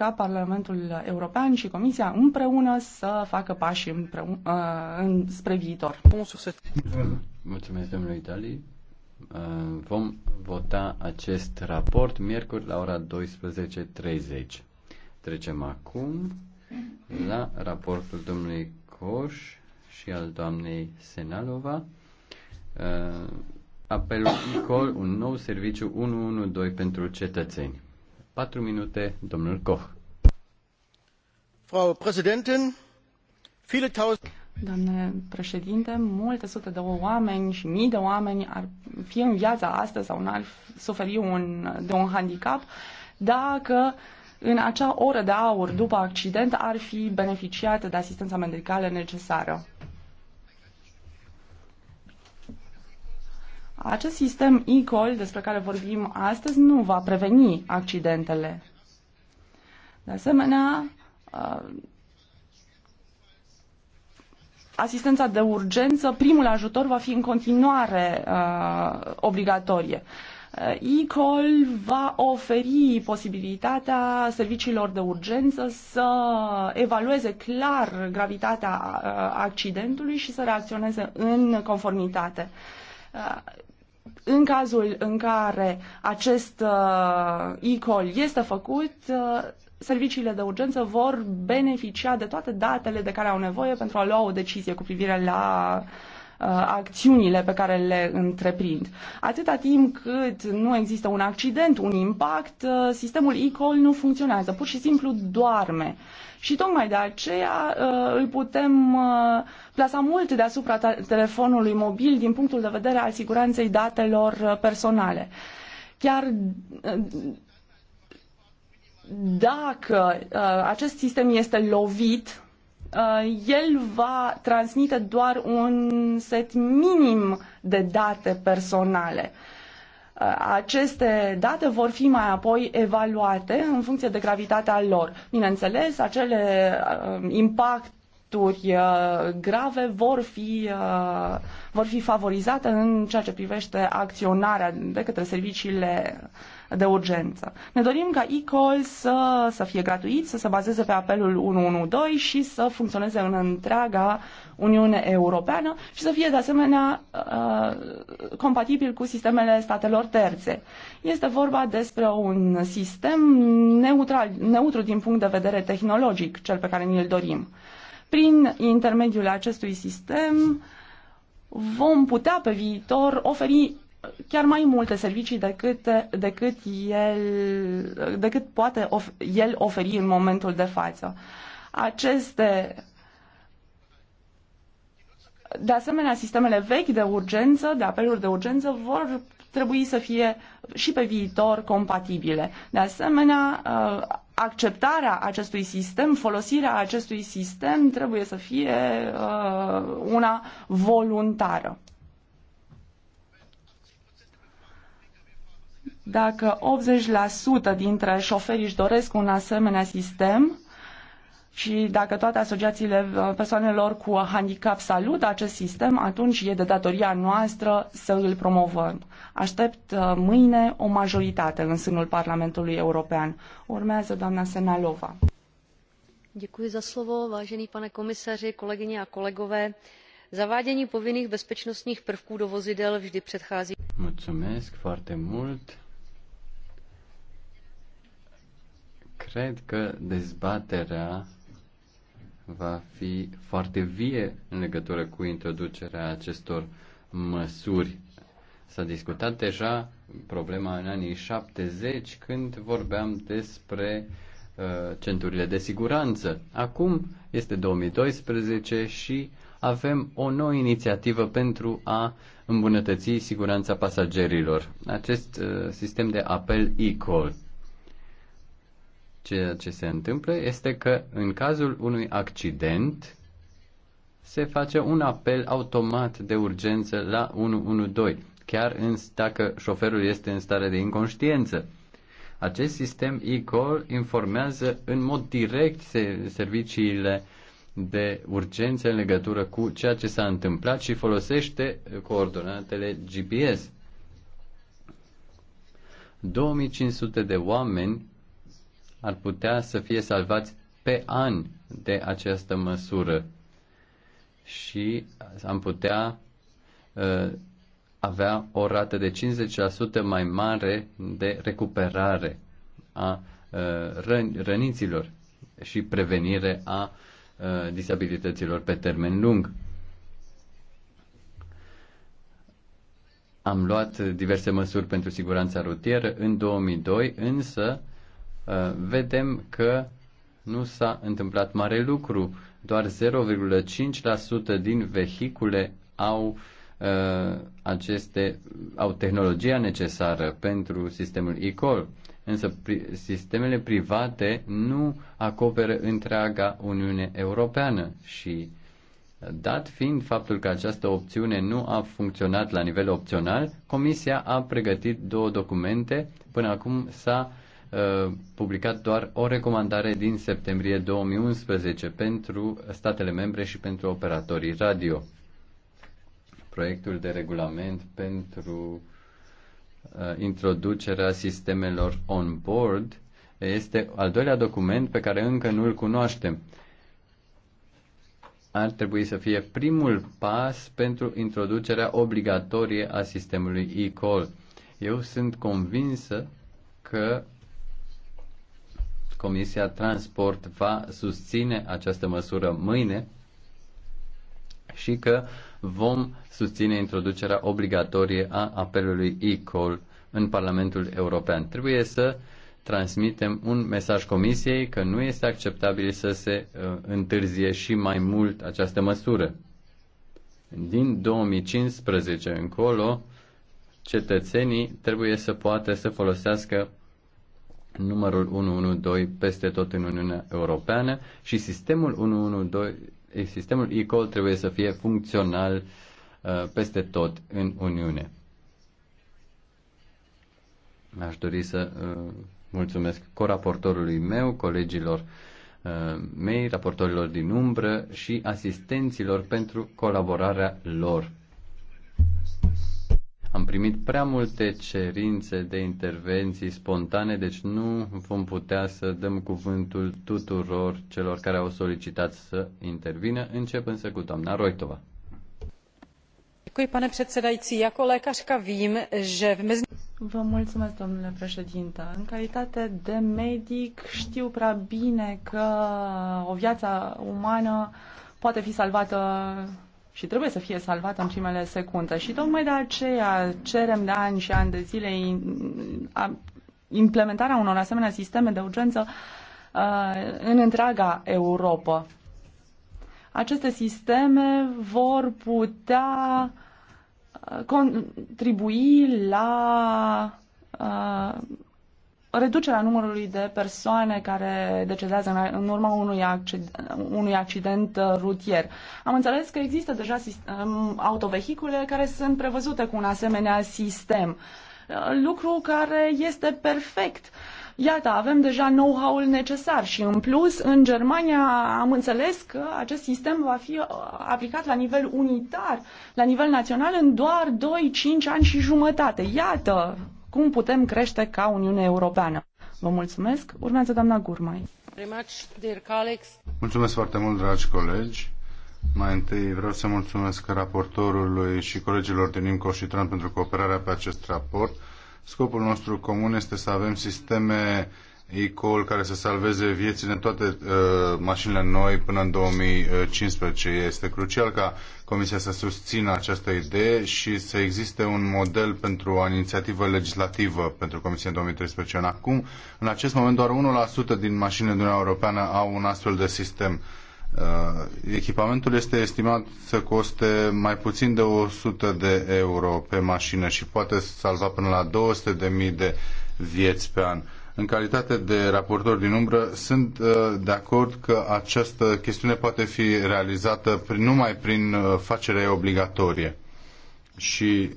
ca Parlamentul European și Comisia împreună să facă pași împreună, spre viitor. Mulțumesc, domnule Italii. Ă, vom vota acest raport miercuri la ora 12.30. Trecem acum la raportul domnului Coș și al doamnei Senalova. Ă, apelul ICOL, un nou serviciu 112 pentru cetățeni. 4 minute, domnul Koch. Frau Präsidentin, viele tausend... Doamne președinte, multe sute de oameni și mii de oameni ar fi în viața astăzi sau n-ar suferi un, de un handicap dacă în acea oră de aur după accident ar fi beneficiat de asistența medicală necesară. Acest sistem e-call despre care vorbim astăzi nu va preveni accidentele. De asemenea, uh, asistența de urgență, primul ajutor va fi în continuare uh, obligatorie. Uh, e-call va oferi posibilitatea serviciilor de urgență să evalueze clar gravitatea accidentului și să reacționeze în conformitate. În cazul în care acest uh, e-call este făcut, uh, serviciile de urgență vor beneficia de toate datele de care au nevoie pentru a lua o decizie cu privire la Uh, acțiunile pe care le întreprind. Atâta timp cât nu există un accident, un impact, uh, sistemul e-call nu funcționează, pur și simplu doarme. Și tocmai de aceea uh, îl putem plasa mult deasupra telefonului mobil din punctul de vedere al siguranței datelor personale. Chiar dacă acest sistem este lovit, Uh, el va transmite doar un set minim de date personale. Uh, aceste date vor fi mai apoi evaluate în funcție de gravitatea lor. Bineînțeles, acele uh, impact drepturi uh, grave vor fi, uh, vor fi favorizate în ceea ce privește acționarea de către serviciile de urgență. Ne dorim ca e-call să, să fie gratuit, să se bazeze pe apelul 112 și să funcționeze în întreaga Uniune Europeană și să fie de asemenea uh, compatibil cu sistemele statelor terțe. Este vorba despre un sistem neutral, neutru din punct de vedere tehnologic, cel pe care ni-l dorim. Prin intermediul acestui sistem vom putea pe viitor oferi chiar mai multe servicii decât, decât, el, decât poate of, el oferi în momentul de față. Aceste de asemenea, sistemele vechi de urgență, de apeluri de urgență, vor trebui să fie și pe viitor compatibile. De asemenea, uh, acceptarea acestui sistem, folosirea acestui sistem trebuie să fie uh, una voluntară. Dacă 80% dintre șoferi își doresc un asemenea sistem, și dacă toate asociațiile uh, persoanelor cu handicap salută acest sistem, atunci e de datoria noastră să îl promovăm. Aștept uh, mâine o majoritate în sânul Parlamentului European. Urmează doamna Senalova. Děkuji za slovo, vážený pane komisaři, kolegyně a kolegové. Zavádění povinných bezpečnostních prvků do vozidel vždy předchází. Mulțumesc foarte mult. cred că dezbaterea va fi foarte vie în legătură cu introducerea acestor măsuri. S-a discutat deja problema în anii 70 când vorbeam despre uh, centurile de siguranță. Acum este 2012 și avem o nouă inițiativă pentru a îmbunătăți siguranța pasagerilor. Acest uh, sistem de apel e-call ceea ce se întâmplă este că în cazul unui accident se face un apel automat de urgență la 112, chiar în, dacă șoferul este în stare de inconștiență. Acest sistem e-call informează în mod direct serviciile de urgență în legătură cu ceea ce s-a întâmplat și folosește coordonatele GPS. 2500 de oameni ar putea să fie salvați pe an de această măsură și am putea uh, avea o rată de 50% mai mare de recuperare a uh, ă, răn- răniților și prevenire a uh, disabilităților pe termen lung. Am luat diverse măsuri pentru siguranța rutieră în 2002, însă uh, Uh, vedem că nu s-a întâmplat mare lucru. Doar 0,5% din vehicule au uh, aceste au tehnologia necesară pentru sistemul e-call, însă pri, sistemele private nu acoperă întreaga Uniune Europeană și uh, dat fiind faptul că această opțiune nu a funcționat la nivel opțional, Comisia a pregătit două documente, până acum s-a uh, Uh, publicat doar o recomandare din septembrie 2011 pentru statele membre și pentru operatorii radio. Proiectul de regulament pentru uh, introducerea sistemelor on-board este al doilea document pe care încă nu îl cunoaștem. Ar trebui să fie primul pas pentru introducerea obligatorie a sistemului e-call. Eu sunt convinsă că Comisia Transport va susține această măsură mâine și că vom susține introducerea obligatorie a apelului e-call în Parlamentul European. Trebuie să transmitem un mesaj Comisiei că nu este acceptabil să se uh, întârzie și mai mult această măsură. Din 2015 încolo, cetățenii trebuie să poată să folosească numărul 112 peste tot în Uniunea Europeană și sistemul 112, sistemul e-call trebuie să fie funcțional uh, peste tot în Uniune. Aș dori să uh, mulțumesc coraportorului meu, colegilor uh, mei, raportorilor din umbră și asistenților pentru colaborarea lor. Am primit prea multe cerințe de intervenții spontane, deci nu vom putea să dăm cuvântul tuturor celor care au solicitat să intervină, încep însă cu doamna Roitova. pane předsedající. Jako lékařka vím, že v mezi... Vă mulțumesc, domnule președinte. În calitate de medic știu prea bine că o viață umană poate fi salvată și trebuie să fie salvată în primele secunde. Și tocmai de aceea cerem de ani și ani de zile implementarea unor asemenea sisteme de urgență în întreaga Europa. Aceste sisteme vor putea contribui la reducerea numărului de persoane care decedează în urma unui accident, unui accident uh, rutier. Am înțeles că există deja um, autovehicule care sunt prevăzute cu un asemenea sistem, uh, lucru care este perfect. Iată, avem deja know-how-ul necesar și în plus, în Germania am înțeles că acest sistem va fi uh, aplicat la nivel unitar, la nivel național, în doar 2-5 ani și jumătate. Iată, cum putem crește ca Uniune Europeană. Vă mulțumesc. Urmează doamna Gurmai. Mulțumesc foarte mult, dragi colegi. Mai întâi vreau să mulțumesc raportorului și colegilor din IMCO și TRAN pentru cooperarea pe acest raport. Scopul nostru comun este să avem sisteme e-call care să salveze viețile în toate uh, mașinile noi până în 2015. Este crucial ca Comisia să susțină această idee și să existe un model pentru o inițiativă legislativă pentru Comisia în 2013. În acum, în acest moment, doar 1% din mașinile din Uniunea Europeană au un astfel de sistem. Uh, echipamentul este estimat să coste mai puțin de 100 de euro pe mașină și poate salva până la 200.000 de vieți pe an în calitate de raportor din umbră, sunt uh, de acord că această chestiune poate fi realizată prin, numai prin uh, facere obligatorie. Și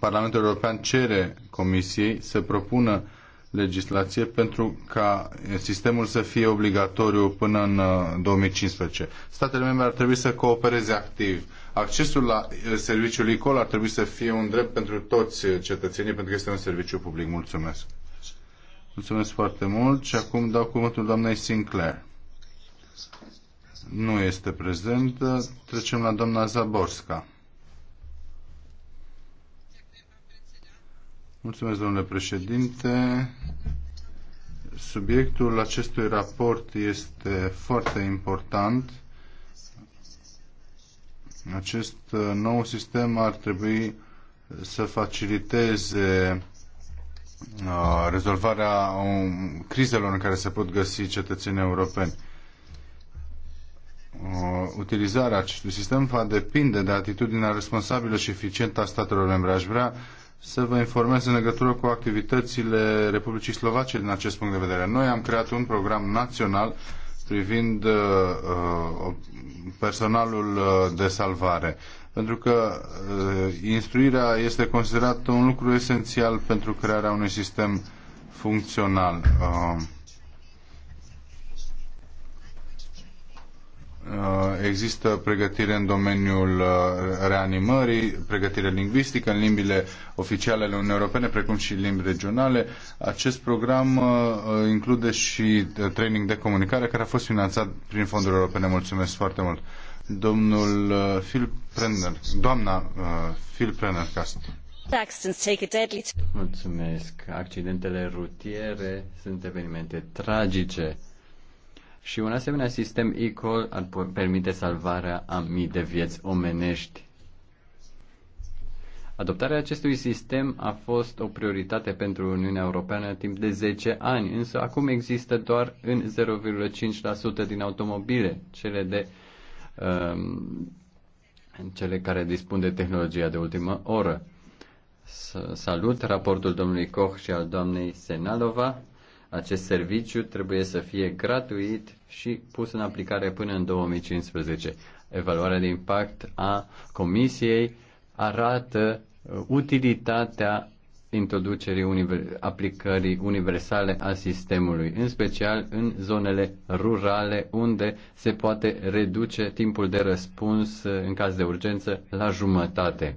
Parlamentul European cere Comisiei să propună legislație pentru ca sistemul să fie obligatoriu până în 2015. Uh, Statele membre ar trebui să coopereze activ. Accesul la serviciul ICOL ar trebui să fie un drept pentru toți cetățenii, pentru că este un serviciu public. Mulțumesc! Mulțumesc foarte mult și acum dau cuvântul doamnei Sinclair. Nu este prezent. Trecem la doamna Zaborska. Mulțumesc, domnule președinte. Subiectul acestui raport este foarte important. Acest nou sistem ar trebui să faciliteze Uh, rezolvarea um, crizelor în care se pot găsi cetățenii europeni. Uh, utilizarea acestui sistem va depinde de atitudinea responsabilă și eficientă a statelor membre. Aș vrea să vă informez în legătură cu activitățile Republicii Slovace din acest punct de vedere. Noi am creat un program național privind uh, uh, personalul uh, de salvare. Pentru că instruirea este considerată un lucru esențial pentru crearea unui sistem funcțional. Uh, Uh, există pregătire în domeniul uh, reanimării, pregătire lingvistică în limbile oficiale ale Uniunii Europene, precum și limbi regionale. Acest program uh, include și training de comunicare, care a fost finanțat prin fonduri europene. Mulțumesc foarte mult! Domnul Phil Prenner, doamna Phil Prenner Cast. Mulțumesc! Accidentele rutiere sunt evenimente tragice și un asemenea sistem e-call ar permite salvarea a mii de vieți omenești. Adoptarea acestui sistem a fost o prioritate pentru Uniunea Europeană timp de 10 ani, însă acum există doar în 0,5% din automobile, cele de um, cele care dispun de tehnologia de ultimă oră. Salut raportul domnului Koch și al doamnei Senalova acest serviciu trebuie să fie gratuit și pus în aplicare până în 2015. Evaluarea de impact a Comisiei arată uh, utilitatea introducerii univer- aplicării universale a sistemului, în special în zonele rurale unde se poate reduce timpul de răspuns uh, în caz de urgență la jumătate.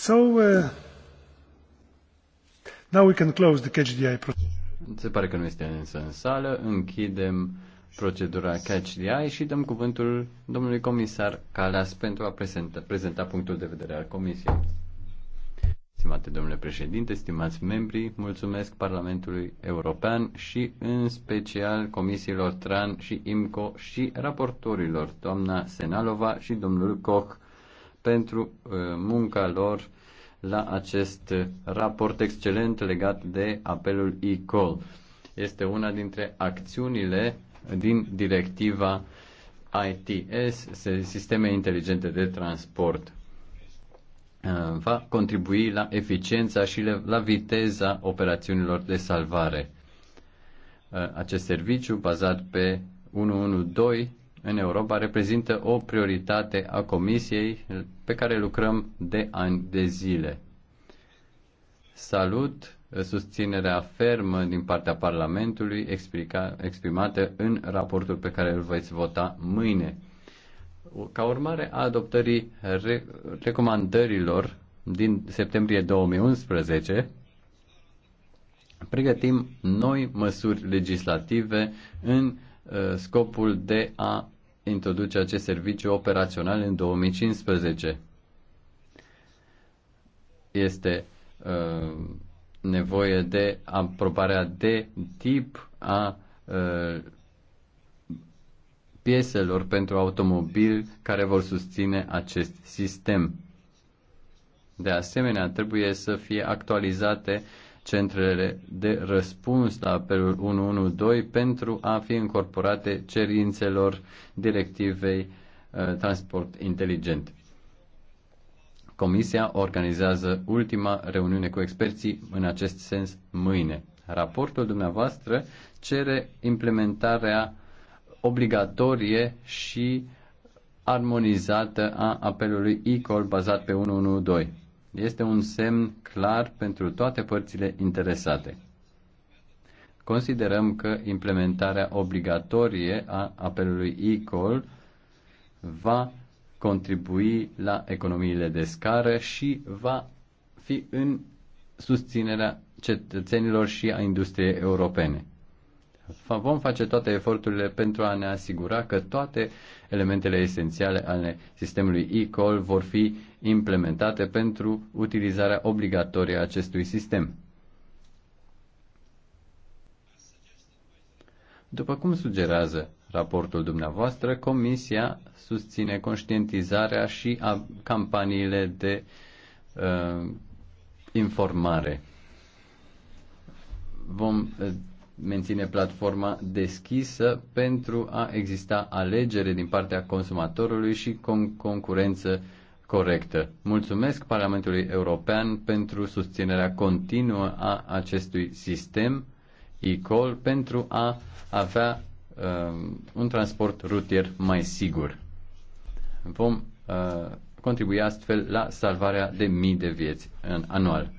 So, uh, now we can close the Se pare că nu este însă în sală. Închidem procedura catch the eye și dăm cuvântul domnului comisar Calas pentru a prezenta, prezenta punctul de vedere al comisiei. Stimate domnule președinte, stimați membri, mulțumesc Parlamentului European și în special comisiilor TRAN și IMCO și raportorilor, doamna Senalova și domnul Koch, pentru uh, munca lor la acest raport excelent legat de apelul e-call. Este una dintre acțiunile din directiva ITS, Sisteme Inteligente de Transport. Uh, va contribui la eficiența și la viteza operațiunilor de salvare. Uh, acest serviciu, bazat pe 112, în Europa reprezintă o prioritate a Comisiei pe care lucrăm de ani de zile. Salut susținerea fermă din partea Parlamentului explica, exprimată în raportul pe care îl veți vota mâine. Ca urmare a adoptării re- recomandărilor din septembrie 2011, pregătim noi măsuri legislative în Uh, scopul de a introduce acest serviciu operațional în 2015. Este uh, nevoie de aprobarea de tip a uh, pieselor pentru automobil care vor susține acest sistem. De asemenea, trebuie să fie actualizate uh, centrele de răspuns la apelul 112 pentru a fi incorporate cerințelor directivei uh, transport inteligent. Comisia organizează ultima reuniune cu experții în acest sens mâine. Raportul dumneavoastră cere implementarea obligatorie și armonizată a apelului e-call bazat pe 112 este un semn clar pentru toate părțile interesate. Considerăm că implementarea obligatorie a apelului e-call va contribui la economiile de scară și va fi în susținerea cetățenilor și a industriei europene vom face toate eforturile pentru a ne asigura că toate elementele esențiale ale sistemului e-call vor fi implementate pentru utilizarea obligatorie a acestui sistem. După cum sugerează raportul dumneavoastră, Comisia susține conștientizarea și a campaniile de uh, informare. Vom uh, menține platforma deschisă pentru a exista alegere din partea consumatorului și con- concurență corectă. Mulțumesc Parlamentului European pentru susținerea continuă a acestui sistem e-call pentru a avea um, un transport rutier mai sigur. Vom uh, contribui astfel la salvarea de mii de vieți în anual.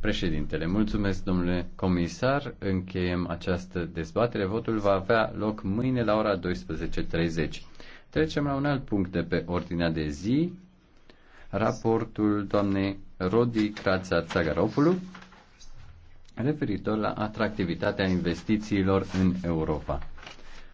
Președintele, mulțumesc domnule comisar. Încheiem această dezbatere. Votul va avea loc mâine la ora 12.30. Trecem la un alt punct de pe ordinea de zi, raportul doamnei Rodi Crața Țagaropulu referitor la atractivitatea investițiilor în Europa.